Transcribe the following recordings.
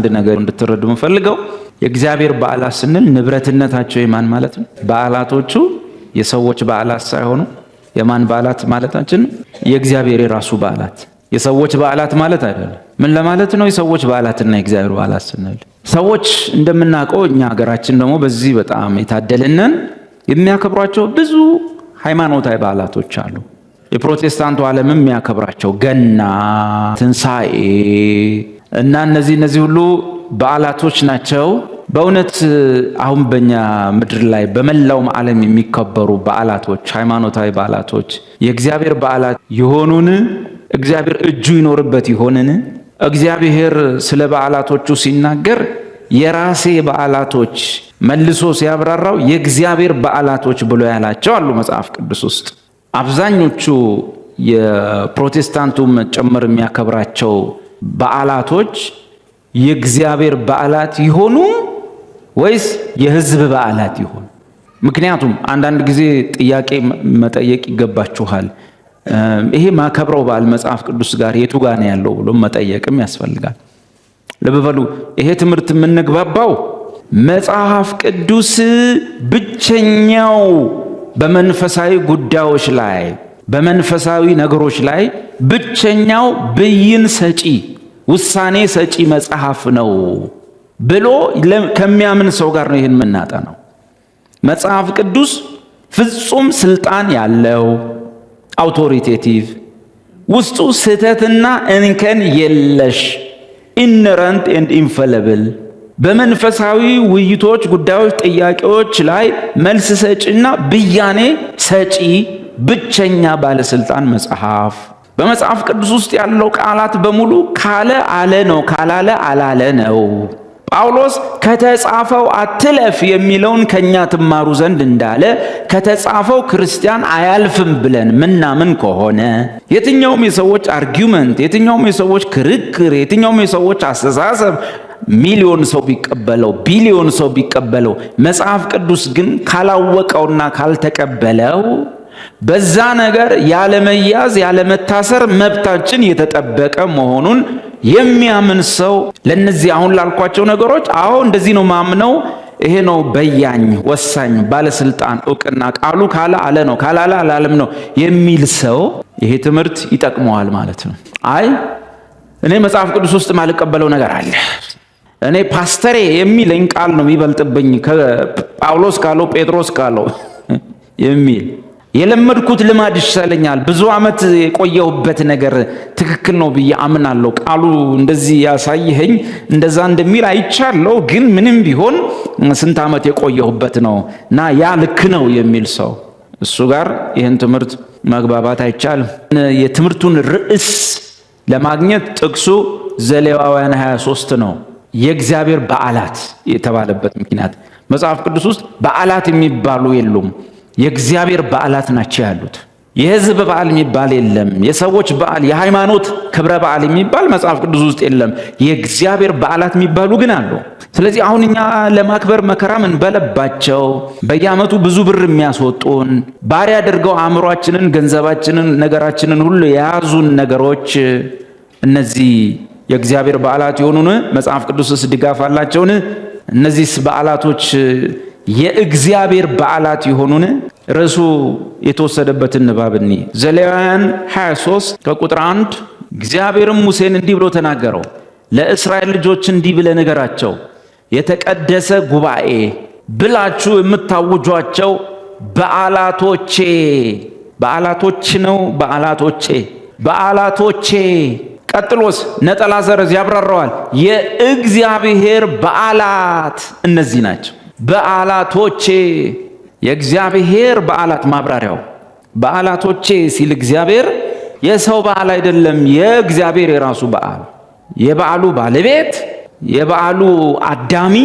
አንድ ነገር እንድትረዱ የምፈልገው የእግዚአብሔር በዓላት ስንል ንብረትነታቸው የማን ማለት ነው? በዓላቶቹ የሰዎች በዓላት ሳይሆኑ የማን በዓላት ማለታችን የእግዚአብሔር የራሱ በዓላት የሰዎች በዓላት ማለት አይደለም። ምን ለማለት ነው? የሰዎች በዓላትና የእግዚአብሔር በዓላት ስንል ሰዎች እንደምናውቀው እኛ ሀገራችን ደግሞ በዚህ በጣም የታደልነን የሚያከብሯቸው ብዙ ሃይማኖታዊ በዓላቶች አሉ። የፕሮቴስታንቱ ዓለምም የሚያከብራቸው ገና፣ ትንሣኤ እና እነዚህ እነዚህ ሁሉ በዓላቶች ናቸው። በእውነት አሁን በእኛ ምድር ላይ በመላውም ዓለም የሚከበሩ በዓላቶች፣ ሃይማኖታዊ በዓላቶች የእግዚአብሔር በዓላት የሆኑን እግዚአብሔር እጁ ይኖርበት ይሆንን? እግዚአብሔር ስለ በዓላቶቹ ሲናገር የራሴ በዓላቶች መልሶ ሲያብራራው የእግዚአብሔር በዓላቶች ብሎ ያላቸው አሉ መጽሐፍ ቅዱስ ውስጥ አብዛኞቹ የፕሮቴስታንቱም ጭምር የሚያከብራቸው በዓላቶች የእግዚአብሔር በዓላት ይሆኑ ወይስ የህዝብ በዓላት ይሆኑ? ምክንያቱም አንዳንድ ጊዜ ጥያቄ መጠየቅ ይገባችኋል። ይሄ ማከብረው በዓል መጽሐፍ ቅዱስ ጋር የቱ ጋር ነው ያለው ብሎ መጠየቅም ያስፈልጋል። ልብ በሉ። ይሄ ትምህርት የምንግባባው መጽሐፍ ቅዱስ ብቸኛው በመንፈሳዊ ጉዳዮች ላይ በመንፈሳዊ ነገሮች ላይ ብቸኛው ብይን ሰጪ ውሳኔ ሰጪ መጽሐፍ ነው ብሎ ከሚያምን ሰው ጋር ነው ይህን የምናጠነው። መጽሐፍ ቅዱስ ፍጹም ስልጣን ያለው አውቶሪቴቲቭ፣ ውስጡ ስህተትና እንከን የለሽ ኢነረንት ኤንድ ኢንፈለብል በመንፈሳዊ ውይይቶች፣ ጉዳዮች፣ ጥያቄዎች ላይ መልስ ሰጪና ብያኔ ሰጪ ብቸኛ ባለስልጣን መጽሐፍ። በመጽሐፍ ቅዱስ ውስጥ ያለው ቃላት በሙሉ ካለ አለ ነው፣ ካላለ አላለ ነው። ጳውሎስ ከተጻፈው አትለፍ የሚለውን ከኛ ትማሩ ዘንድ እንዳለ ከተጻፈው ክርስቲያን አያልፍም ብለን ምናምን ከሆነ የትኛውም የሰዎች አርጊመንት የትኛውም የሰዎች ክርክር፣ የትኛውም የሰዎች አስተሳሰብ ሚሊዮን ሰው ቢቀበለው ቢሊዮን ሰው ቢቀበለው መጽሐፍ ቅዱስ ግን ካላወቀውና ካልተቀበለው በዛ ነገር ያለመያዝ ያለመታሰር መብታችን የተጠበቀ መሆኑን የሚያምን ሰው ለነዚህ አሁን ላልኳቸው ነገሮች አዎ እንደዚህ ነው ማምነው፣ ይሄ ነው በያኝ፣ ወሳኝ፣ ባለስልጣን፣ እውቅና ቃሉ ካለ አለ ነው ካላለ አላለም ነው የሚል ሰው ይሄ ትምህርት ይጠቅመዋል ማለት ነው። አይ እኔ መጽሐፍ ቅዱስ ውስጥ ማልቀበለው ነገር አለ እኔ ፓስተሬ የሚለኝ ቃል ነው የሚበልጥብኝ ከጳውሎስ ካለው ጴጥሮስ ካለው የሚል የለመድኩት ልማድ ይሻለኛል። ብዙ ዓመት የቆየሁበት ነገር ትክክል ነው ብዬ አምናለሁ። ቃሉ እንደዚህ ያሳይኸኝ እንደዛ እንደሚል አይቻለሁ። ግን ምንም ቢሆን ስንት ዓመት የቆየሁበት ነው እና ያ ልክ ነው የሚል ሰው እሱ ጋር ይህን ትምህርት መግባባት አይቻልም። የትምህርቱን ርዕስ ለማግኘት ጥቅሱ ዘሌዋውያን 23 ነው። የእግዚአብሔር በዓላት የተባለበት ምክንያት መጽሐፍ ቅዱስ ውስጥ በዓላት የሚባሉ የሉም። የእግዚአብሔር በዓላት ናቸው ያሉት። የህዝብ በዓል የሚባል የለም። የሰዎች በዓል፣ የሃይማኖት ክብረ በዓል የሚባል መጽሐፍ ቅዱስ ውስጥ የለም። የእግዚአብሔር በዓላት የሚባሉ ግን አሉ። ስለዚህ አሁን እኛ ለማክበር መከራ በለባቸው በየዓመቱ ብዙ ብር የሚያስወጡን ባሪያ አድርገው አእምሯችንን፣ ገንዘባችንን፣ ነገራችንን ሁሉ የያዙን ነገሮች እነዚህ የእግዚአብሔር በዓላት የሆኑን መጽሐፍ ቅዱስስ ድጋፍ አላቸውን? እነዚህስ በዓላቶች የእግዚአብሔር በዓላት የሆኑን ርዕሱ የተወሰደበትን ንባብ እኒ ዘሌዋውያን 23 ከቁጥር 1 እግዚአብሔርም ሙሴን እንዲህ ብሎ ተናገረው፣ ለእስራኤል ልጆች እንዲህ ብለ ነገራቸው፣ የተቀደሰ ጉባኤ ብላችሁ የምታውጇቸው በዓላቶቼ በዓላቶች ነው። በዓላቶቼ በዓላቶቼ ቀጥሎስ ነጠላ ዘረዝ ያብራራዋል። የእግዚአብሔር በዓላት እነዚህ ናቸው። በዓላቶቼ የእግዚአብሔር በዓላት ማብራሪያው በዓላቶቼ ሲል እግዚአብሔር የሰው በዓል አይደለም፣ የእግዚአብሔር የራሱ በዓል የበዓሉ ባለቤት የበዓሉ አዳሚ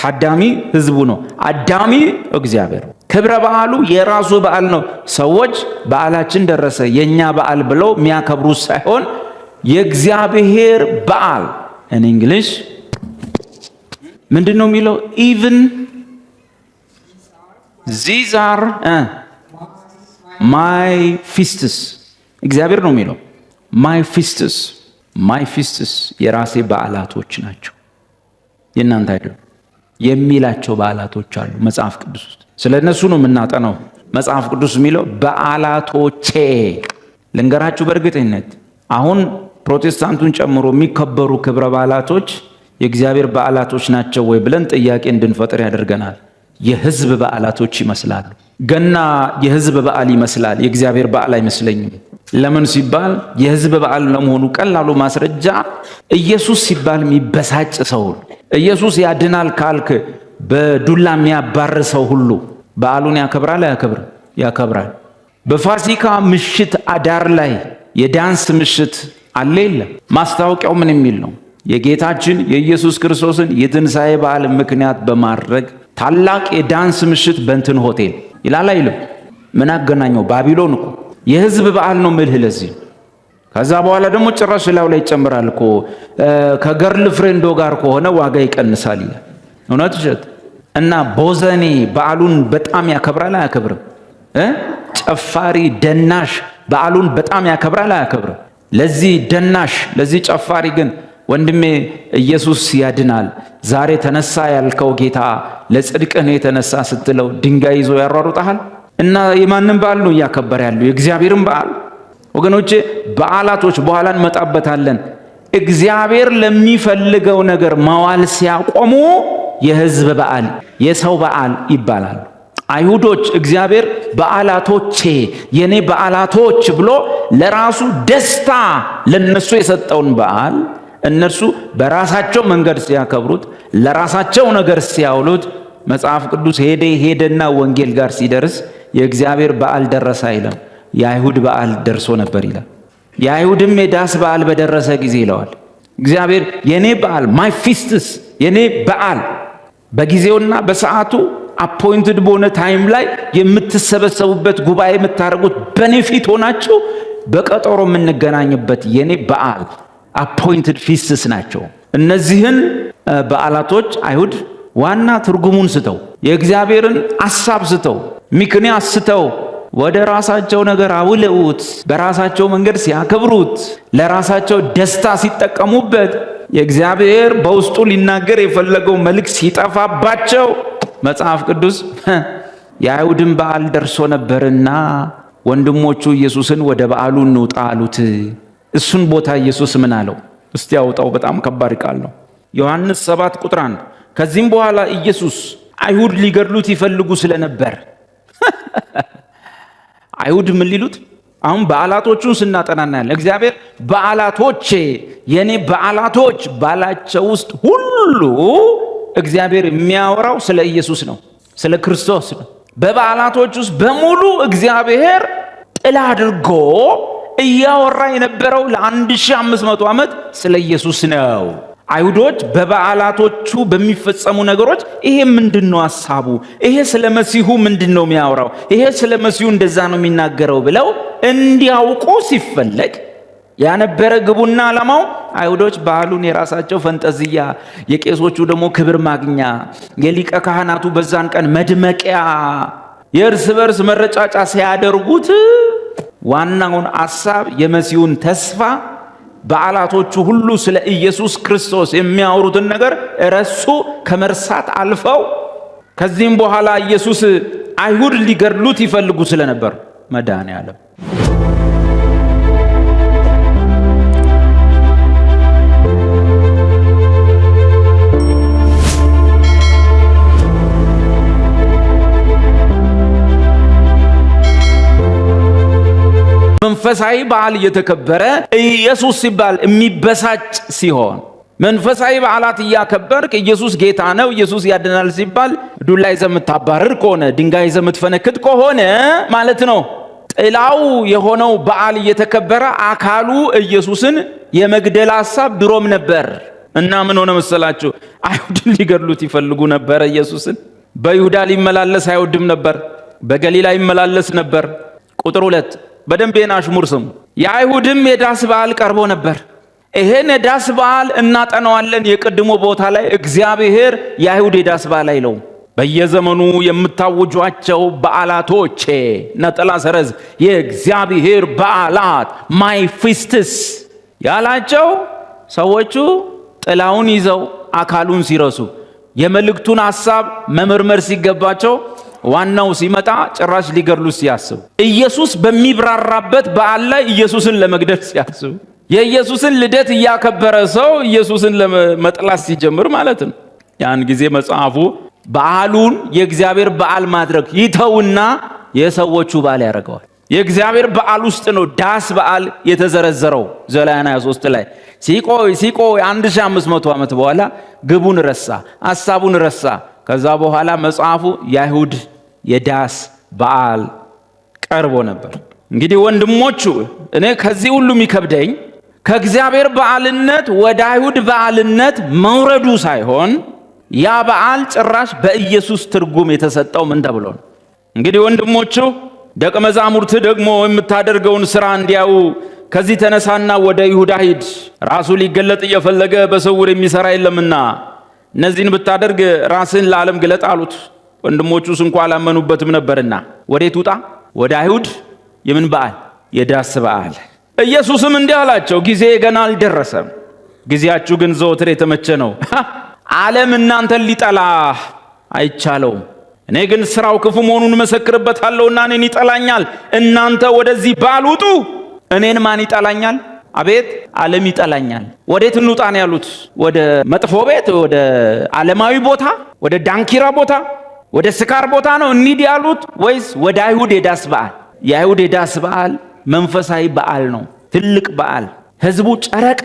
ታዳሚ ህዝቡ ነው። አዳሚ እግዚአብሔር። ክብረ በዓሉ የራሱ በዓል ነው። ሰዎች በዓላችን ደረሰ የእኛ በዓል ብለው የሚያከብሩት ሳይሆን የእግዚአብሔር በዓል እንግሊሽ ምንድን ነው የሚለው? ኢቭን ዚዝ አር ማይ ፊስትስ እግዚአብሔር ነው የሚለው። ማይ ፊስትስ ማይ ፊስትስ የራሴ በዓላቶች ናቸው፣ የእናንተ አይደሉም የሚላቸው በዓላቶች አሉ መጽሐፍ ቅዱስ ውስጥ። ስለ እነሱ ነው የምናጠነው። መጽሐፍ ቅዱስ የሚለው በዓላቶቼ ልንገራችሁ በእርግጠኝነት አሁን ፕሮቴስታንቱን ጨምሮ የሚከበሩ ክብረ በዓላቶች የእግዚአብሔር በዓላቶች ናቸው ወይ ብለን ጥያቄ እንድንፈጥር ያደርገናል። የህዝብ በዓላቶች ይመስላሉ። ገና የህዝብ በዓል ይመስላል፣ የእግዚአብሔር በዓል አይመስለኝም። ለምን ሲባል የህዝብ በዓል ለመሆኑ ቀላሉ ማስረጃ ኢየሱስ ሲባል የሚበሳጭ ሰው ኢየሱስ ያድናል ካልክ በዱላ የሚያባር ሰው ሁሉ በዓሉን ያከብራል አያከብር? ያከብራል። በፋሲካ ምሽት አዳር ላይ የዳንስ ምሽት አለ የለም? ማስታወቂያው ምን የሚል ነው? የጌታችን የኢየሱስ ክርስቶስን የትንሣኤ በዓል ምክንያት በማድረግ ታላቅ የዳንስ ምሽት በእንትን ሆቴል ይላል አይልም? ምን አገናኘው? ባቢሎን እኮ የህዝብ በዓል ነው ምልህ። ለዚህ ከዛ በኋላ ደግሞ ጭራሽ ላዩ ላይ ይጨምራል እኮ ከገርል ፍሬንዶ ጋር ከሆነ ዋጋ ይቀንሳል ይላል። እውነት ውሸት? እና ቦዘኔ በዓሉን በጣም ያከብራል አያከብርም? ጨፋሪ ደናሽ በዓሉን በጣም ያከብራል አያከብርም? ለዚህ ደናሽ ለዚህ ጨፋሪ ግን ወንድሜ ኢየሱስ ያድናል። ዛሬ ተነሳ ያልከው ጌታ ለጽድቅህ ነው የተነሳ ስትለው ድንጋይ ይዞ ያሯሩጣሃል። እና የማንም በዓል ነው እያከበረ ያለው? የእግዚአብሔርን በዓል። ወገኖቼ በዓላቶች በኋላ እንመጣበታለን። እግዚአብሔር ለሚፈልገው ነገር መዋል ሲያቆሙ የህዝብ በዓል የሰው በዓል ይባላል። አይሁዶች እግዚአብሔር በዓላቶቼ የኔ በዓላቶች ብሎ ለራሱ ደስታ ለነሱ የሰጠውን በዓል እነርሱ በራሳቸው መንገድ ሲያከብሩት፣ ለራሳቸው ነገር ሲያውሉት፣ መጽሐፍ ቅዱስ ሄደ ሄደና ወንጌል ጋር ሲደርስ የእግዚአብሔር በዓል ደረሰ አይለም። የአይሁድ በዓል ደርሶ ነበር ይላል። የአይሁድም የዳስ በዓል በደረሰ ጊዜ ይለዋል እግዚአብሔር የኔ በዓል ማይ ፊስትስ የኔ በዓል በጊዜውና በሰዓቱ አፖይንትድ በሆነ ታይም ላይ የምትሰበሰቡበት ጉባኤ የምታደርጉት በኔ ፊት ሆናችሁ በቀጠሮ የምንገናኝበት የኔ በዓል አፖይንትድ ፊስትስ ናቸው። እነዚህን በዓላቶች አይሁድ ዋና ትርጉሙን ስተው የእግዚአብሔርን አሳብ ስተው ምክንያት ስተው ወደ ራሳቸው ነገር አውለውት በራሳቸው መንገድ ሲያከብሩት ለራሳቸው ደስታ ሲጠቀሙበት የእግዚአብሔር በውስጡ ሊናገር የፈለገው መልእክት ሲጠፋባቸው መጽሐፍ ቅዱስ የአይሁድን በዓል ደርሶ ነበርና ወንድሞቹ ኢየሱስን ወደ በዓሉ እንውጣ አሉት። እሱን ቦታ ኢየሱስ ምን አለው? እስቲ ያውጣው። በጣም ከባድ ቃል ነው። ዮሐንስ ሰባት ቁጥር 1 ከዚህም በኋላ ኢየሱስ አይሁድ ሊገድሉት ይፈልጉ ስለነበር አይሁድ ምን ሊሉት አሁን በዓላቶቹን ስናጠና እናያለን። እግዚአብሔር በአላቶቼ የእኔ በዓላቶች ባላቸው ውስጥ ሁሉ እግዚአብሔር የሚያወራው ስለ ኢየሱስ ነው፣ ስለ ክርስቶስ ነው። በበዓላቶች ውስጥ በሙሉ እግዚአብሔር ጥላ አድርጎ እያወራ የነበረው ለ1500 ዓመት ስለ ኢየሱስ ነው። አይሁዶች በበዓላቶቹ በሚፈጸሙ ነገሮች ይሄ ምንድን ነው ሐሳቡ? ይሄ ስለ መሲሁ ምንድን ነው የሚያወራው? ይሄ ስለ መሲሁ እንደዛ ነው የሚናገረው ብለው እንዲያውቁ ሲፈለግ ያነበረ ግቡና ዓላማው አይሁዶች ባህሉን የራሳቸው ፈንጠዝያ፣ የቄሶቹ ደግሞ ክብር ማግኛ፣ የሊቀ ካህናቱ በዛን ቀን መድመቂያ፣ የእርስ በርስ መረጫጫ ሲያደርጉት ዋናውን አሳብ የመሲሁን ተስፋ በዓላቶቹ ሁሉ ስለ ኢየሱስ ክርስቶስ የሚያወሩትን ነገር ረሱ፣ ከመርሳት አልፈው ከዚህም በኋላ ኢየሱስ አይሁድ ሊገድሉት ይፈልጉ ስለነበር መዳን ዓለም መንፈሳዊ በዓል እየተከበረ ኢየሱስ ሲባል የሚበሳጭ ሲሆን መንፈሳዊ በዓላት እያከበርክ ኢየሱስ ጌታ ነው፣ ኢየሱስ ያድናል ሲባል ዱላ ይዘህ የምታባርር ከሆነ ድንጋይ ይዘህ የምትፈነክት ከሆነ ማለት ነው ጥላው የሆነው በዓል እየተከበረ አካሉ ኢየሱስን የመግደል ሐሳብ ድሮም ነበር እና ምን ሆነ መሰላችሁ? አይሁድን ሊገድሉት ይፈልጉ ነበረ። ኢየሱስን በይሁዳ ሊመላለስ አይወድም ነበር፣ በገሊላ ይመላለስ ነበር። ቁጥር ሁለት በደንብ ይህን አሽሙር ስሙ። የአይሁድም የዳስ በዓል ቀርቦ ነበር። ይሄን የዳስ በዓል እናጠናዋለን። የቅድሞ ቦታ ላይ እግዚአብሔር የአይሁድ የዳስ በዓል አይለውም። በየዘመኑ የምታውጇቸው በዓላቶቼ ነጠላ ሰረዝ የእግዚአብሔር በዓላት ማይ ፊስትስ ያላቸው ሰዎቹ ጥላውን ይዘው አካሉን ሲረሱ የመልእክቱን ሐሳብ መመርመር ሲገባቸው ዋናው ሲመጣ ጭራሽ ሊገድሉ ሲያስቡ፣ ኢየሱስ በሚብራራበት በዓል ላይ ኢየሱስን ለመግደል ሲያስቡ፣ የኢየሱስን ልደት እያከበረ ሰው ኢየሱስን ለመጥላት ሲጀምር ማለት ነው። ያን ጊዜ መጽሐፉ በዓሉን የእግዚአብሔር በዓል ማድረግ ይተውና የሰዎቹ በዓል ያደርገዋል። የእግዚአብሔር በዓል ውስጥ ነው ዳስ በዓል የተዘረዘረው። ዘላያን 23 ላይ ሲቆይ ሲቆይ 1500 ዓመት በኋላ ግቡን ረሳ፣ ሐሳቡን ረሳ ከዛ በኋላ መጽሐፉ የአይሁድ የዳስ በዓል ቀርቦ ነበር። እንግዲህ ወንድሞቹ እኔ ከዚህ ሁሉ የሚከብደኝ ከእግዚአብሔር በዓልነት ወደ አይሁድ በዓልነት መውረዱ ሳይሆን ያ በዓል ጭራሽ በኢየሱስ ትርጉም የተሰጠው ምን ተብሎ ነው? እንግዲህ ወንድሞቹ ደቀ መዛሙርት ደግሞ የምታደርገውን ሥራ እንዲያው ከዚህ ተነሳና ወደ ይሁዳ ሂድ፣ ራሱ ሊገለጥ እየፈለገ በስውር የሚሠራ የለምና እነዚህን ብታደርግ ራስህን ለዓለም ግለጥ አሉት። ወንድሞቹስ እንኳ አላመኑበትም ነበርና ወዴት ውጣ? ወደ አይሁድ የምን በዓል? የዳስ በዓል። ኢየሱስም እንዲህ አላቸው፣ ጊዜ ገና አልደረሰም፣ ጊዜያችሁ ግን ዘወትር የተመቸ ነው። ዓለም እናንተን ሊጠላ አይቻለውም። እኔ ግን ስራው ክፉ መሆኑን እመሰክርበታለሁና እኔን ይጠላኛል። እናንተ ወደዚህ በዓል ውጡ። እኔን ማን ይጠላኛል? አቤት ዓለም ይጠላኛል። ወዴት እንውጣን ያሉት? ወደ መጥፎ ቤት፣ ወደ ዓለማዊ ቦታ፣ ወደ ዳንኪራ ቦታ፣ ወደ ስካር ቦታ ነው እንሂድ ያሉት ወይስ ወደ አይሁድ የዳስ በዓል? የአይሁድ የዳስ በዓል መንፈሳዊ በዓል ነው፣ ትልቅ በዓል ህዝቡ ጨረቃ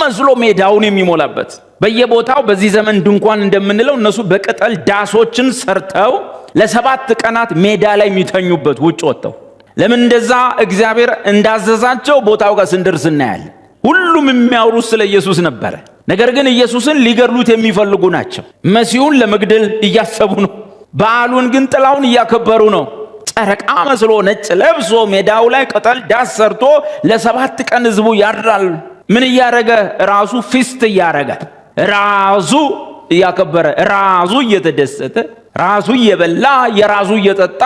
መስሎ ሜዳውን የሚሞላበት በየቦታው በዚህ ዘመን ድንኳን እንደምንለው እነሱ በቅጠል ዳሶችን ሰርተው ለሰባት ቀናት ሜዳ ላይ የሚተኙበት ውጭ ወጥተው ለምን እንደዛ እግዚአብሔር እንዳዘዛቸው ቦታው ጋር ስንደርስ እናያለን። ሁሉም የሚያወሩት ስለ ኢየሱስ ነበረ። ነገር ግን ኢየሱስን ሊገድሉት የሚፈልጉ ናቸው። መሲሁን ለመግደል እያሰቡ ነው። በዓሉን ግን ጥላውን እያከበሩ ነው። ጨረቃ መስሎ ነጭ ለብሶ ሜዳው ላይ ቅጠል ዳስ ሰርቶ ለሰባት ቀን ህዝቡ ያድራል። ምን እያረገ? ራሱ ፊስት እያረገ ራሱ እያከበረ ራሱ እየተደሰተ ራሱ እየበላ የራሱ እየጠጣ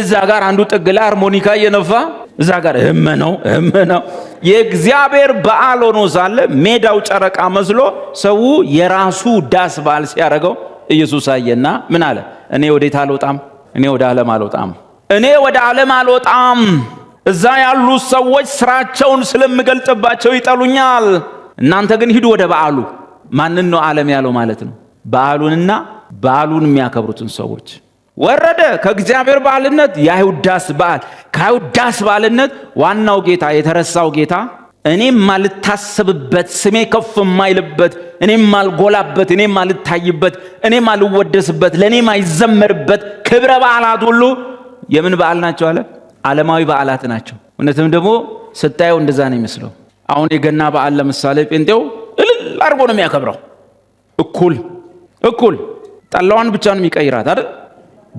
እዛ ጋር አንዱ ጥግ ላይ አርሞኒካ እየነፋ እዛ ጋር እመ ነው እመ ነው። የእግዚአብሔር በዓል ሆኖ ሳለ ሜዳው ጨረቃ መስሎ ሰው የራሱ ዳስ በዓል ሲያደርገው ኢየሱስ አየና ምን አለ? እኔ ወዴት አልወጣም፣ እኔ ወደ ዓለም አልወጣም፣ እኔ ወደ ዓለም አልወጣም። እዛ ያሉ ሰዎች ስራቸውን ስለምገልጥባቸው ይጠሉኛል። እናንተ ግን ሂዱ ወደ በዓሉ። ማንን ነው ዓለም ያለው ማለት ነው? በዓሉንና በዓሉን የሚያከብሩትን ሰዎች ወረደ ከእግዚአብሔር ባልነት የአይሁዳስ በዓል ከአይሁዳስ ባልነት ዋናው ጌታ የተረሳው ጌታ እኔም ማልታሰብበት ስሜ ከፍ የማይልበት እኔም ማልጎላበት እኔም ማልታይበት እኔም ማልወደስበት ለእኔ ማይዘመርበት ክብረ በዓላት ሁሉ የምን በዓል ናቸው አለ ዓለማዊ በዓላት ናቸው እውነትም ደግሞ ስታየው እንደዛ ነው ይመስለው አሁን የገና በዓል ለምሳሌ ጴንጤው እልል አድርጎ ነው የሚያከብረው እኩል እኩል ጠላዋን ብቻ ነው የሚቀይራት አይደል?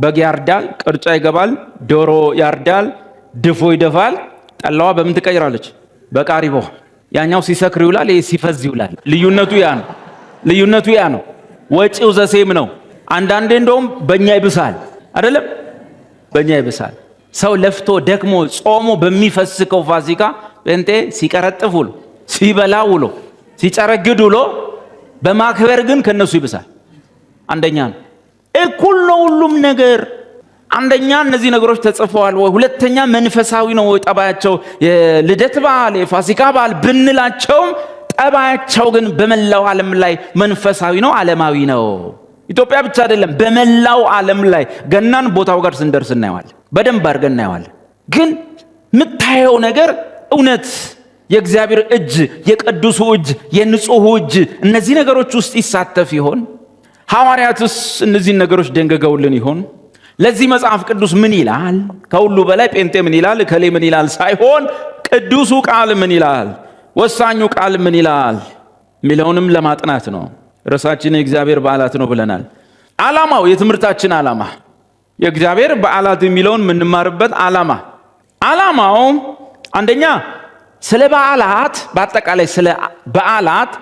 በግ ያርዳል፣ ቅርጫ ይገባል፣ ዶሮ ያርዳል፣ ድፎ ይደፋል። ጠላዋ በምን ትቀይራለች? በቃሪቦ። ያኛው ሲሰክር ይውላል፣ ይሄ ሲፈዝ ይውላል። ልዩነቱ ያ ነው። ልዩነቱ ያ ነው። ወጪው ዘሴም ነው። አንዳንዴ እንደውም በእኛ ይብሳል አይደለም? በእኛ ይብሳል። ሰው ለፍቶ ደክሞ ጾሞ በሚፈስከው ፋሲካ ጴንጤ ሲቀረጥፍ ውሎ ሲበላ ውሎ ሲጨረግድ ውሎ በማክበር ግን ከነሱ ይብሳል። አንደኛ ነው። እኩል ነው ሁሉም ነገር። አንደኛ እነዚህ ነገሮች ተጽፈዋል ወይ፣ ሁለተኛ መንፈሳዊ ነው ወይ ጠባያቸው። የልደት በዓል የፋሲካ በዓል ብንላቸውም ጠባያቸው ግን በመላው ዓለም ላይ መንፈሳዊ ነው፣ ዓለማዊ ነው። ኢትዮጵያ ብቻ አይደለም፣ በመላው ዓለም ላይ ገናን ቦታው ጋር ስንደርስ እናየዋል። በደንብ አድርገን እናየዋል። ግን የምታየው ነገር እውነት የእግዚአብሔር እጅ፣ የቅዱሱ እጅ፣ የንጹሑ እጅ እነዚህ ነገሮች ውስጥ ይሳተፍ ይሆን? ሐዋርያትስ እነዚህን ነገሮች ደንገገውልን ይሆን? ለዚህ መጽሐፍ ቅዱስ ምን ይላል? ከሁሉ በላይ ጴንጤ ምን ይላል፣ እከሌ ምን ይላል ሳይሆን ቅዱሱ ቃል ምን ይላል፣ ወሳኙ ቃል ምን ይላል የሚለውንም ለማጥናት ነው። ርዕሳችን የእግዚአብሔር በዓላት ነው ብለናል። ዓላማው የትምህርታችን ዓላማ የእግዚአብሔር በዓላት የሚለውን የምንማርበት ዓላማ ዓላማው አንደኛ ስለ በዓላት በአጠቃላይ ስለ በዓላት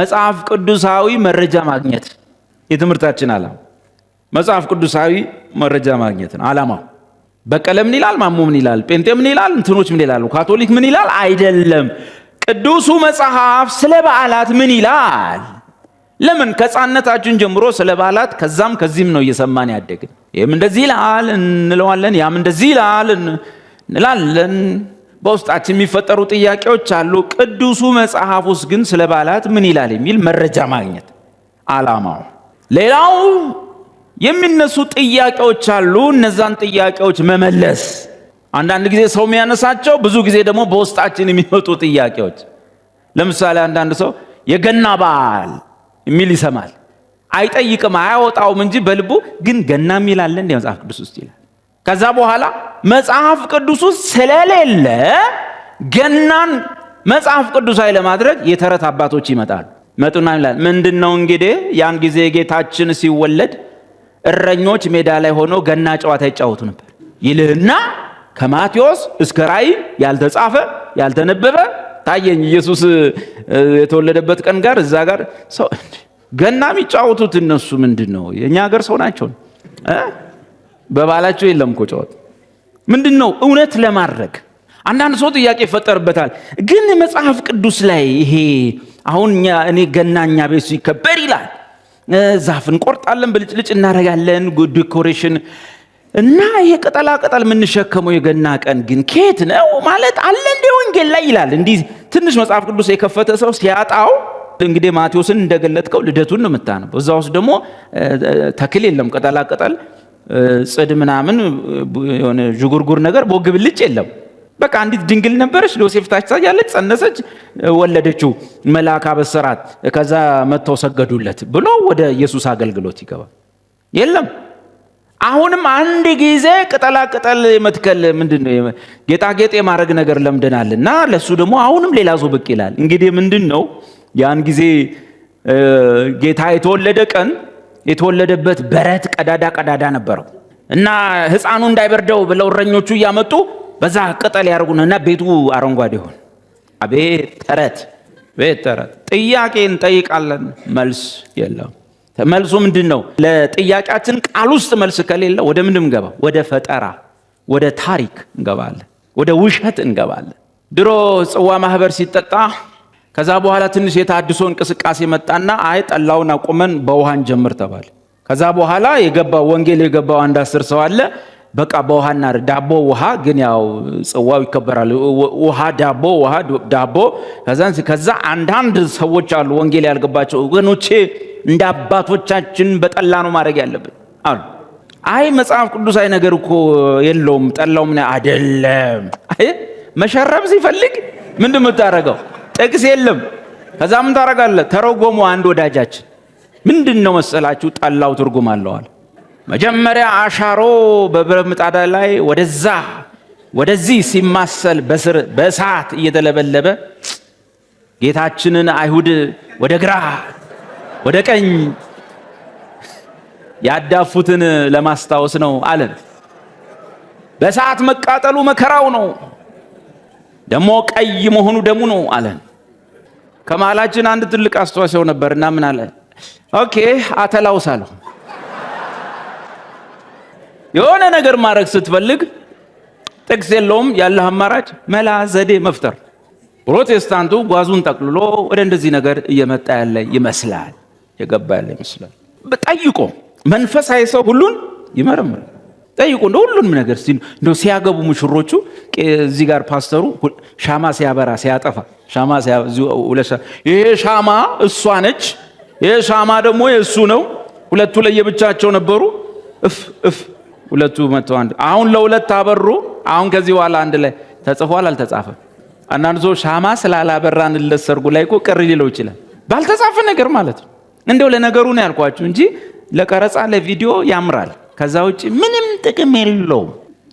መጽሐፍ ቅዱሳዊ መረጃ ማግኘት የትምህርታችን ዓላማ መጽሐፍ ቅዱሳዊ መረጃ ማግኘት ነው ዓላማው። በቀለ ምን ይላል? ማሞ ምን ይላል? ጴንጤ ምን ይላል? እንትኖች ምን ይላሉ? ካቶሊክ ምን ይላል? አይደለም። ቅዱሱ መጽሐፍ ስለ በዓላት ምን ይላል? ለምን ከሕፃንነታችን ጀምሮ ስለ በዓላት ከዛም ከዚህም ነው እየሰማን ያደግን። ይህም እንደዚህ ይላል እንለዋለን፣ ያም እንደዚህ ይላል እንላለን። በውስጣችን የሚፈጠሩ ጥያቄዎች አሉ። ቅዱሱ መጽሐፍ ውስጥ ግን ስለ በዓላት ምን ይላል የሚል መረጃ ማግኘት ዓላማው ሌላው የሚነሱ ጥያቄዎች አሉ። እነዛን ጥያቄዎች መመለስ አንዳንድ ጊዜ ሰው የሚያነሳቸው፣ ብዙ ጊዜ ደግሞ በውስጣችን የሚመጡ ጥያቄዎች። ለምሳሌ አንዳንድ ሰው የገና በዓል የሚል ይሰማል። አይጠይቅም፣ አያወጣውም እንጂ በልቡ ግን ገና የሚል አለ እንደ መጽሐፍ ቅዱስ ውስጥ ይላል። ከዛ በኋላ መጽሐፍ ቅዱስ ውስጥ ስለሌለ ገናን መጽሐፍ ቅዱሳዊ ለማድረግ የተረት አባቶች ይመጣሉ። መጡና ይላል ምንድን ነው እንግዲህ ያን ጊዜ ጌታችን ሲወለድ እረኞች ሜዳ ላይ ሆኖ ገና ጨዋታ ይጫወቱ ነበር ይልህና ከማቴዎስ እስከ ራይ ያልተጻፈ ያልተነበበ ታየኝ ኢየሱስ የተወለደበት ቀን ጋር እዛ ጋር ሰው ገና የሚጫወቱት እነሱ ምንድን ነው የእኛ ሀገር ሰው ናቸው በባላቸው የለም እኮ ምንድን ነው እውነት ለማድረግ አንዳንድ ሰው ጥያቄ ይፈጠርበታል ግን መጽሐፍ ቅዱስ ላይ ይሄ አሁን እኔ ገና እኛ ቤት ሲከበር ይላል ዛፍ እንቆርጣለን፣ ብልጭልጭ እናደርጋለን፣ ዲኮሬሽን እና ይሄ ቅጠላ ቅጠል የምንሸከመው የገና ቀን ግን ኬት ነው ማለት አለ እንዲ ወንጌል ላይ ይላል። እንዲህ ትንሽ መጽሐፍ ቅዱስ የከፈተ ሰው ሲያጣው እንግዲህ ማቴዎስን እንደገለጥከው ልደቱን ነው የምታነበው። እዛ ውስጥ ደግሞ ተክል የለም፣ ቅጠላ ቅጠል ጽድ ምናምን የሆነ ዥጉርጉር ነገር ቦግ ብልጭ የለም። በቃ አንዲት ድንግል ነበረች። ለዮሴፍ ታች ታያለች፣ ጸነሰች፣ ወለደችው። መልአክ አበሰራት፣ ከዛ መጥተው ሰገዱለት ብሎ ወደ ኢየሱስ አገልግሎት ይገባል። የለም አሁንም አንድ ጊዜ ቅጠላ ቅጠል መትከል ምንድን ነው ጌጣጌጥ የማድረግ ነገር ለምደናል እና ለእሱ ደግሞ አሁንም ሌላ ሰው ብቅ ይላል። እንግዲህ ምንድን ነው ያን ጊዜ ጌታ የተወለደ ቀን የተወለደበት በረት ቀዳዳ ቀዳዳ ነበረው እና ሕፃኑ እንዳይበርደው ብለው እረኞቹ እያመጡ በዛ ቅጠል ያደርጉንና ቤቱ አረንጓዴ ይሆን። አቤት ተረት ቤት ተረት። ጥያቄ እንጠይቃለን፣ መልስ የለም። መልሱ ምንድን ነው? ለጥያቄያችን ቃል ውስጥ መልስ ከሌለ ወደ ምንድን እንገባ? ወደ ፈጠራ፣ ወደ ታሪክ እንገባለን፣ ወደ ውሸት እንገባለን። ድሮ ጽዋ ማህበር ሲጠጣ ከዛ በኋላ ትንሽ የታድሶ እንቅስቃሴ መጣና አይ ጠላውን አቁመን በውሃን ጀምር ተባለ። ከዛ በኋላ የገባው ወንጌል የገባው አንድ አስር ሰው አለ በቃ በውሃና ዳቦ ውሃ ግን ያው ጽዋው ይከበራል። ውሃ ዳቦ ውሃ ዳቦ። ከዛ አንዳንድ ሰዎች አሉ ወንጌል ያልገባቸው ወገኖቼ፣ እንደ አባቶቻችን በጠላ ነው ማድረግ ያለብን አሉ። አይ መጽሐፍ ቅዱሳዊ ነገር እኮ የለውም ጠላው ምን አይደለም። መሸረብ ሲፈልግ ምንድን የምታደርገው ጥቅስ የለም። ከዛ ምን ታደርጋለህ? ተረጎሙ አንድ ወዳጃችን ምንድን ነው መሰላችሁ ጠላው ትርጉም አለዋል መጀመሪያ አሻሮ በብረት ምጣዳ ላይ ወደዛ ወደዚህ ሲማሰል በስር በእሳት እየተለበለበ ጌታችንን አይሁድ ወደ ግራ ወደ ቀኝ ያዳፉትን ለማስታወስ ነው አለን። በእሳት መቃጠሉ መከራው ነው፣ ደግሞ ቀይ መሆኑ ደሙ ነው አለን። ከመሃላችን አንድ ትልቅ አስተዋይ ነበርና ምን አለ? ኦኬ አተላውሳለሁ የሆነ ነገር ማድረግ ስትፈልግ ጥቅስ የለውም። ያለ አማራጭ መላ ዘዴ መፍጠር። ፕሮቴስታንቱ ጓዙን ጠቅልሎ ወደ እንደዚህ ነገር እየመጣ ያለ ይመስላል፣ የገባ ያለ ይመስላል። ጠይቆ መንፈሳዊ ሰው ሁሉን ይመረምራል። ጠይቆ እንደ ሁሉንም ነገር እንደ ሲያገቡ ሙሽሮቹ እዚህ ጋር ፓስተሩ ሻማ ሲያበራ ሲያጠፋ ሻማ ይሄ ሻማ እሷ ነች፣ ይሄ ሻማ ደግሞ የእሱ ነው። ሁለቱ ለየብቻቸው ነበሩ። እፍ እፍ ሁለቱ መቶ አንድ አሁን ለሁለት አበሩ። አሁን ከዚህ በኋላ አንድ ላይ ተጽፏል አልተጻፈም። አንዳንድ ሰው ሻማ ስላላበራንለት ሰርጉ ላይ እኮ ቅር ሊለው ይችላል። ባልተጻፈ ነገር ማለት ነው። እንደው ለነገሩ ነው ያልኳችሁ እንጂ ለቀረጻ ለቪዲዮ ያምራል። ከዛ ውጭ ምንም ጥቅም የለውም።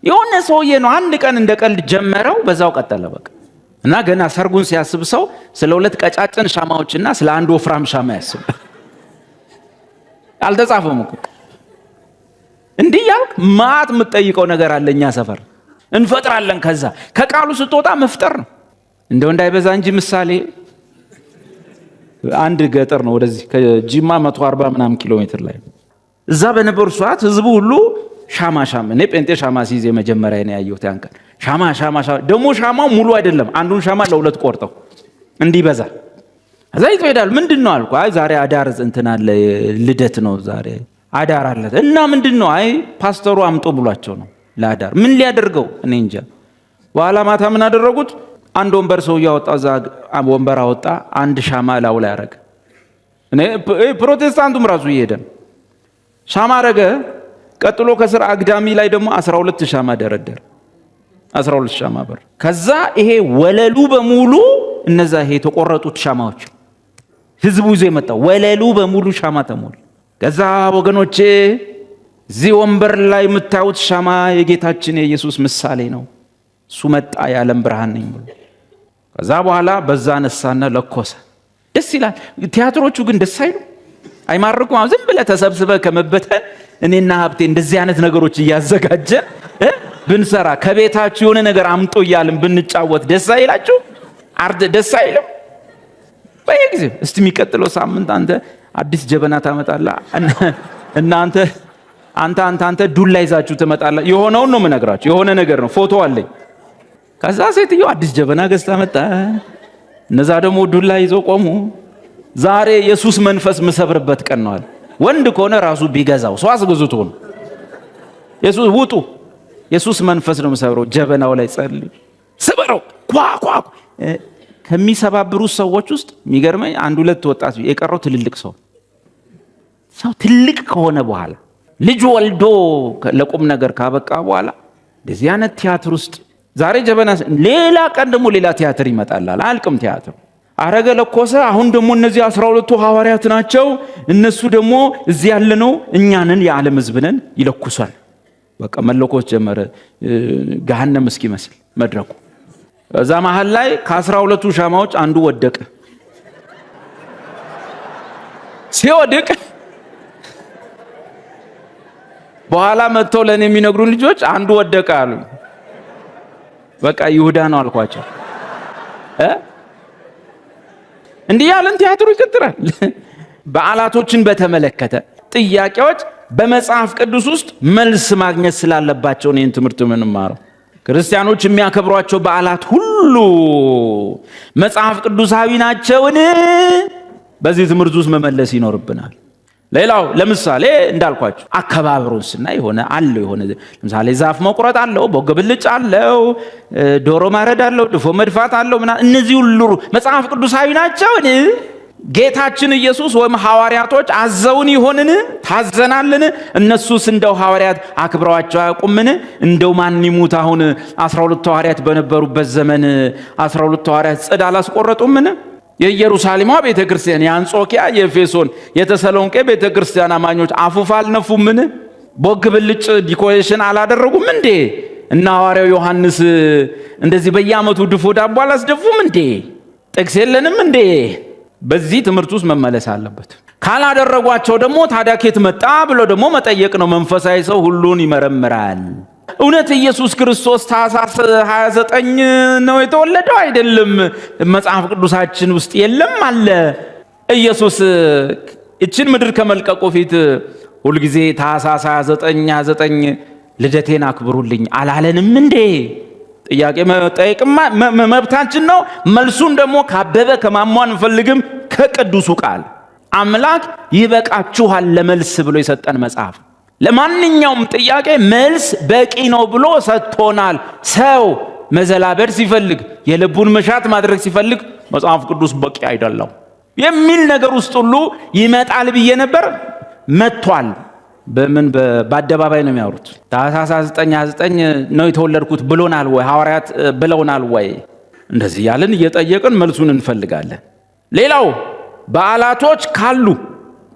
የሆነ ሰውዬ ነው አንድ ቀን እንደ ቀልድ ጀመረው፣ በዛው ቀጠለ በቃ እና ገና ሰርጉን ሲያስብ ሰው ስለ ሁለት ቀጫጭን ሻማዎችና ስለ አንድ ወፍራም ሻማ ያስብ። አልተጻፈም እኮ እንዲህ እያልክ ማት የምትጠይቀው ነገር አለ። እኛ ሰፈር እንፈጥራለን። ከዛ ከቃሉ ስትወጣ መፍጠር ነው። እንደው እንዳይበዛ እንጂ ምሳሌ አንድ ገጠር ነው ወደዚህ ከጂማ 140 ምናምን ኪሎ ሜትር ላይ እዛ በነበሩ ሰዓት ህዝቡ ሁሉ ሻማ ሻማ እኔ ጴንጤ ሻማ ሲይዝ መጀመሪያ ነው ያየሁት። ያን ቀን ሻማ ሻማ ሻማ ደግሞ ሻማው ሙሉ አይደለም። አንዱን ሻማ ለሁለት ቆርጠው እንዲበዛ እዛ ይሄዳሉ። ምንድን ነው አልኩ። አይ ዛሬ አዳር እንትን አለ ልደት ነው ዛሬ አዳር አለት እና ምንድን ነው? አይ ፓስተሩ አምጦ ብሏቸው ነው ለአዳር። ምን ሊያደርገው እኔ እንጃ። በኋላ ማታ ምን አደረጉት? አንድ ወንበር ሰው እያወጣ እዛ ወንበር አወጣ፣ አንድ ሻማ ላው ላይ አረገ። ፕሮቴስታንቱም ራሱ እየሄደ ሻማ አረገ። ቀጥሎ ከስር አግዳሚ ላይ ደግሞ 12 ሻማ ደረደር 12 ሻማ በር። ከዛ ይሄ ወለሉ በሙሉ እነዛ ይሄ የተቆረጡት ሻማዎች ህዝቡ ይዞ የመጣው ወለሉ በሙሉ ሻማ ተሞላ። ከዛ ወገኖቼ እዚህ ወንበር ላይ የምታዩት ሻማ የጌታችን የኢየሱስ ምሳሌ ነው። እሱ መጣ የዓለም ብርሃን ነኝ ብሎ ከዛ በኋላ በዛ ነሳና ለኮሰ። ደስ ይላል። ቲያትሮቹ ግን ደስ አይሉ አይማርኩ። ዝም ብለ ተሰብስበ ከመበተን እኔና ሀብቴ እንደዚህ አይነት ነገሮች እያዘጋጀን ብንሰራ ከቤታችሁ የሆነ ነገር አምጦ እያልን ብንጫወት ደስ አይላችሁ? አርድ ደስ አይልም? በየጊዜ እስቲ የሚቀጥለው ሳምንት አንተ አዲስ ጀበና ታመጣላ እናንተ አንተ አንተ አንተ ዱላ ይዛችሁ ትመጣላ። የሆነውን ነው የምነግራችሁ። የሆነ ነገር ነው፣ ፎቶ አለኝ። ከዛ ሴትዮ አዲስ ጀበና ገዝታ መጣ። እነዛ ደግሞ ዱላ ይዘው ቆሙ። ዛሬ የሱስ መንፈስ ምሰብርበት ቀን ነዋል። ወንድ ከሆነ ራሱ ቢገዛው ሰው አስገዙት ሆኖ የሱስ ውጡ። የሱስ መንፈስ ነው ምሰብረው። ጀበናው ላይ ጸልይ፣ ስበረው። ኳኳ ከሚሰባብሩት ሰዎች ውስጥ የሚገርመኝ አንድ ሁለት ወጣት የቀረው ትልልቅ ሰው ሰው ትልቅ ከሆነ በኋላ ልጅ ወልዶ ለቁም ነገር ካበቃ በኋላ እንደዚህ አይነት ቲያትር ውስጥ ዛሬ ጀበና፣ ሌላ ቀን ደግሞ ሌላ ቲያትር ይመጣላል። አልቅም ቲያትር አረገ ለኮሰ። አሁን ደግሞ እነዚህ አስራ ሁለቱ ሐዋርያት ናቸው። እነሱ ደግሞ እዚህ ያለነው እኛንን የዓለም ህዝብንን ይለኩሷል። በቃ መለኮስ ጀመረ። ገሃነም እስኪመስል መድረኩ። እዛ መሀል ላይ ከአስራ ሁለቱ ሻማዎች አንዱ ወደቀ። ሲወድቅ በኋላ መጥተው ለእኔ የሚነግሩን ልጆች አንዱ ወደቀ አሉ። በቃ ይሁዳ ነው አልኳቸው። እንዲህ ያለን ቲያትሩ ይቀጥላል። በዓላቶችን በተመለከተ ጥያቄዎች በመጽሐፍ ቅዱስ ውስጥ መልስ ማግኘት ስላለባቸው ነው ይህን ትምህርት የምንማረው። ክርስቲያኖች የሚያከብሯቸው በዓላት ሁሉ መጽሐፍ ቅዱሳዊ ናቸውን? በዚህ ትምህርት ውስጥ መመለስ ይኖርብናል። ሌላው ለምሳሌ እንዳልኳችሁ አከባበሩን ስናይ የሆነ አለው የሆነ ለምሳሌ ዛፍ መቁረጥ አለው፣ በጎ ብልጭ አለው፣ ዶሮ ማረድ አለው፣ ድፎ መድፋት አለው ምና እነዚህ ሁሉ መጽሐፍ ቅዱሳዊ ናቸውን? ጌታችን ኢየሱስ ወይም ሐዋርያቶች አዘውን ይሆንን? ታዘናልን? እነሱስ እንደው ሐዋርያት አክብረዋቸው አያውቁምን? እንደው ማን ይሙት አሁን አስራ ሁለት ሐዋርያት በነበሩበት ዘመን አስራ ሁለት ሐዋርያት ጽድ አላስቆረጡምን? የኢየሩሳሌሟ ቤተ ክርስቲያን፣ የአንጾኪያ፣ የኤፌሶን፣ የተሰሎንቄ ቤተ ክርስቲያን አማኞች አፉፍ አልነፉምን? ቦግ ብልጭ ዲኮሬሽን አላደረጉም እንዴ? እና ሐዋርያው ዮሐንስ እንደዚህ በየዓመቱ ድፎ ዳቦ አላስደፉም እንዴ? ጥቅስ የለንም እንዴ? በዚህ ትምህርት ውስጥ መመለስ አለበት። ካላደረጓቸው ደግሞ ታዲያ ኬት መጣ ብሎ ደግሞ መጠየቅ ነው። መንፈሳዊ ሰው ሁሉን ይመረምራል። እውነት ኢየሱስ ክርስቶስ ታኅሳስ 29 ነው የተወለደው? አይደለም። መጽሐፍ ቅዱሳችን ውስጥ የለም አለ። ኢየሱስ ይችን ምድር ከመልቀቁ ፊት ሁልጊዜ ታኅሳስ 29 29 ልደቴን አክብሩልኝ አላለንም እንዴ? ጥያቄ መጠየቅማ መብታችን ነው። መልሱን ደግሞ ካበበ ከማሟ አንፈልግም። ከቅዱሱ ቃል አምላክ ይበቃችኋል ለመልስ ብሎ የሰጠን መጽሐፍ ለማንኛውም ጥያቄ መልስ በቂ ነው ብሎ ሰጥቶናል። ሰው መዘላበድ ሲፈልግ፣ የልቡን መሻት ማድረግ ሲፈልግ መጽሐፍ ቅዱስ በቂ አይደለም የሚል ነገር ውስጥ ሁሉ ይመጣል ብዬ ነበር። መጥቷል። በምን በአደባባይ ነው የሚያወሩት? ታኅሳስ 29 ነው የተወለድኩት ብሎናል ወይ? ሐዋርያት ብለውናል ወይ? እንደዚህ ያለን እየጠየቅን መልሱን እንፈልጋለን። ሌላው በዓላቶች ካሉ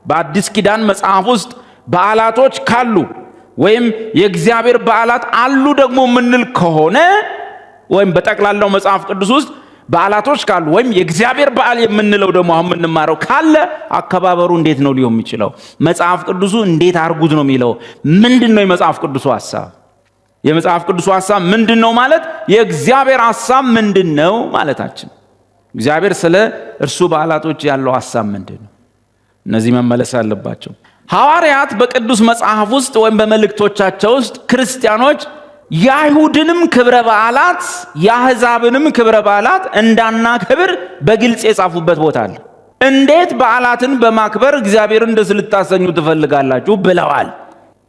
በአዲስ ኪዳን መጽሐፍ ውስጥ በዓላቶች ካሉ ወይም የእግዚአብሔር በዓላት አሉ ደግሞ ምንል ከሆነ ወይም በጠቅላላው መጽሐፍ ቅዱስ ውስጥ በዓላቶች ካሉ ወይም የእግዚአብሔር በዓል የምንለው ደግሞ አሁን የምንማረው ካለ አከባበሩ እንዴት ነው ሊሆን የሚችለው? መጽሐፍ ቅዱሱ እንዴት አርጉት ነው የሚለው? ምንድን ነው የመጽሐፍ ቅዱሱ ሀሳብ? የመጽሐፍ ቅዱሱ ሀሳብ ምንድን ነው ማለት የእግዚአብሔር ሀሳብ ምንድን ነው ማለታችን። እግዚአብሔር ስለ እርሱ በዓላቶች ያለው ሀሳብ ምንድን ነው? እነዚህ መመለስ አለባቸው። ሐዋርያት በቅዱስ መጽሐፍ ውስጥ ወይም በመልእክቶቻቸው ውስጥ ክርስቲያኖች የአይሁድንም ክብረ በዓላት የአሕዛብንም ክብረ በዓላት እንዳናከብር በግልጽ የጻፉበት ቦታ አለ። እንዴት በዓላትን በማክበር እግዚአብሔርን ደስ ልታሰኙ ትፈልጋላችሁ? ብለዋል።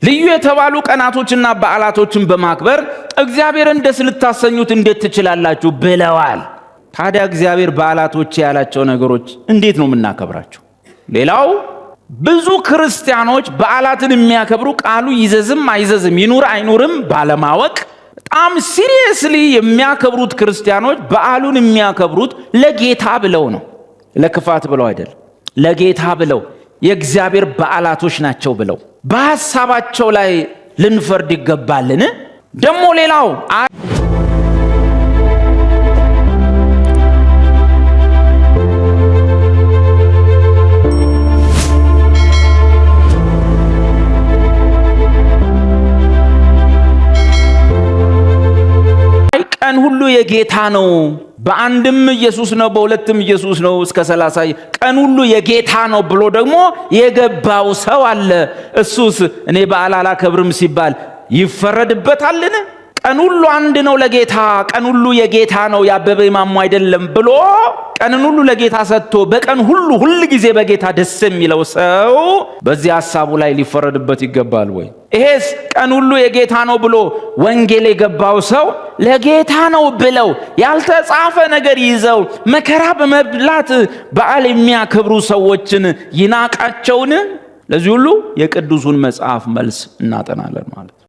ልዩ የተባሉ ቀናቶችና በዓላቶችን በማክበር እግዚአብሔርን ደስ ልታሰኙት እንዴት ትችላላችሁ? ብለዋል። ታዲያ እግዚአብሔር በዓላቶች ያላቸው ነገሮች እንዴት ነው የምናከብራቸው? ሌላው ብዙ ክርስቲያኖች በዓላትን የሚያከብሩ ቃሉ ይዘዝም አይዘዝም ይኑር አይኑርም ባለማወቅ በጣም ሲሪየስሊ የሚያከብሩት ክርስቲያኖች በዓሉን የሚያከብሩት ለጌታ ብለው ነው። ለክፋት ብለው አይደለም፣ ለጌታ ብለው የእግዚአብሔር በዓላቶች ናቸው ብለው በሀሳባቸው ላይ ልንፈርድ ይገባልን? ደግሞ ሌላው የጌታ ነው። በአንድም ኢየሱስ ነው፣ በሁለትም ኢየሱስ ነው እስከ ሰላሳ ቀን ሁሉ የጌታ ነው ብሎ ደግሞ የገባው ሰው አለ። እሱስ እኔ በዓል አላከብርም ሲባል ይፈረድበታልን? ቀን ሁሉ አንድ ነው ለጌታ ቀን ሁሉ የጌታ ነው ያበበ ይማሙ አይደለም ብሎ ቀንን ሁሉ ለጌታ ሰጥቶ በቀን ሁሉ ሁል ጊዜ በጌታ ደስ የሚለው ሰው በዚህ ሐሳቡ ላይ ሊፈረድበት ይገባል ወይ? ይሄስ ቀን ሁሉ የጌታ ነው ብሎ ወንጌል የገባው ሰው ለጌታ ነው ብለው ያልተጻፈ ነገር ይዘው መከራ በመብላት በዓል የሚያከብሩ ሰዎችን ይናቃቸውን? ለዚህ ሁሉ የቅዱሱን መጽሐፍ መልስ እናጠናለን ማለት ነው።